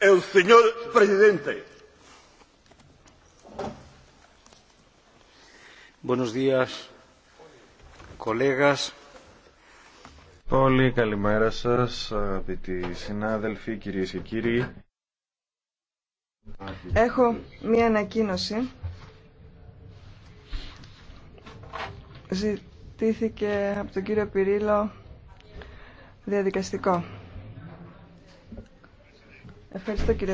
el señor presidente. Buenos días, colegas. Πολύ καλημέρα σας, αγαπητοί συνάδελφοι, κυρίες και κύριοι. Έχω μία ανακοίνωση. Ζητήθηκε από τον κύριο Πυρίλο διαδικαστικό. Ευχαριστώ κύριε